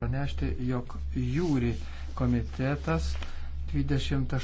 pranešti, jog jūri komitetas 28.